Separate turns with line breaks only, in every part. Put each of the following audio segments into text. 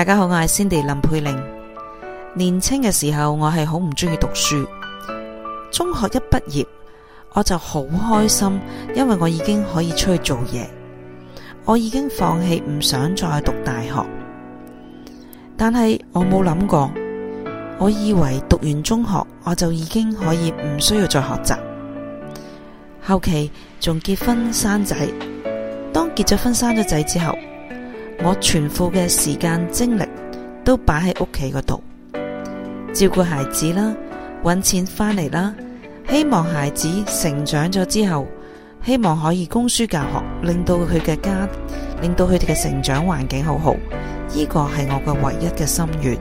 大家好，我係 Cindy 林佩玲。年青嘅時候，我係好唔中意讀書。中學一畢業，我就好開心，因為我已經可以出去做嘢。我已經放棄唔想再讀大學，但係我冇諗過，我以為讀完中學我就已經可以唔需要再學習。後期仲結婚生仔，當結咗婚生咗仔之後。我全副嘅時間精力都擺喺屋企嗰度，照顧孩子啦，搵錢翻嚟啦，希望孩子成長咗之後，希望可以供書教學，令到佢嘅家，令到佢哋嘅成長環境好好。呢個係我嘅唯一嘅心願。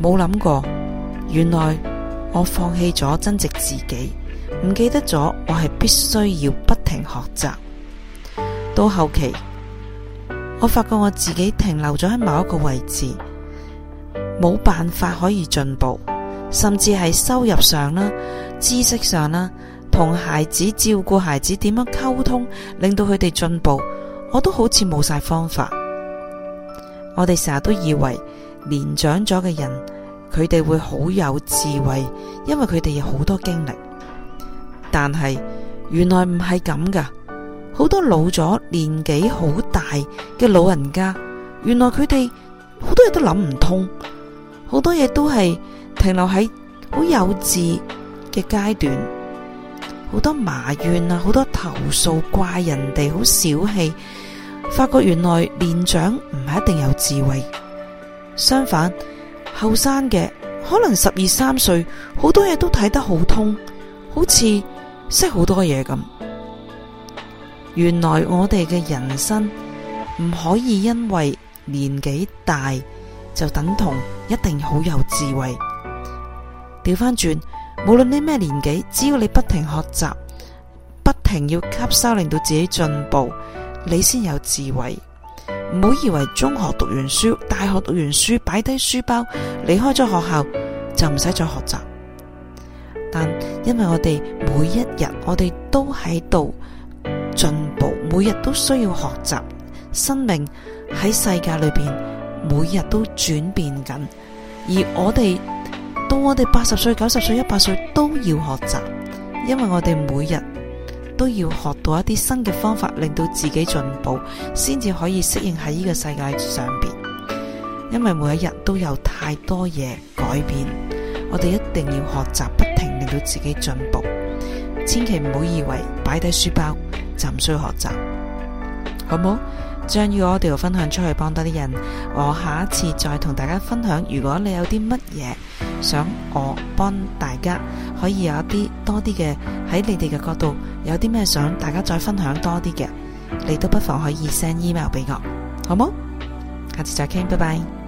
冇諗過，原來我放棄咗增值自己，唔記得咗我係必須要不停學習，到後期。我發覺我自己停留咗喺某一個位置，冇辦法可以進步，甚至係收入上啦、知識上啦、同孩子照顧孩子點樣溝通，令到佢哋進步，我都好似冇晒方法。我哋成日都以為年長咗嘅人，佢哋會好有智慧，因為佢哋有好多經歷，但係原來唔係咁㗎。好多老咗年紀好大嘅老人家，原來佢哋好多嘢都諗唔通，好多嘢都係停留喺好幼稚嘅階段，好多埋怨啊，好多投訴，怪人哋好小氣，發覺原來年長唔係一定有智慧，相反後生嘅可能十二三歲，好多嘢都睇得好通，好似識好多嘢咁。原來我哋嘅人生唔可以因為年紀大就等同一定好有智慧。調翻轉，無論你咩年紀，只要你不停學習，不停要吸收，令到自己進步，你先有智慧。唔好以為中學讀完書、大學讀完書，擺低書包離開咗學校就唔使再學習。但因為我哋每一日，我哋都喺度。進步，每日都需要學習。生命喺世界裏邊，每日都轉變緊，而我哋到我哋八十歲、九十歲、一百歲都要學習，因為我哋每日都要學到一啲新嘅方法，令到自己進步，先至可以適應喺呢個世界上邊。因為每一日都有太多嘢改變，我哋一定要學習，不停令到自己進步，千祈唔好以為擺低書包。就唔需要學習，好唔好？將與我哋 audio 分享出去，幫多啲人。我下一次再同大家分享。如果你有啲乜嘢想我幫大家，可以有一啲多啲嘅喺你哋嘅角度，有啲咩想大家再分享多啲嘅，你都不妨可以 send email 俾我，好冇？下次再傾，拜拜。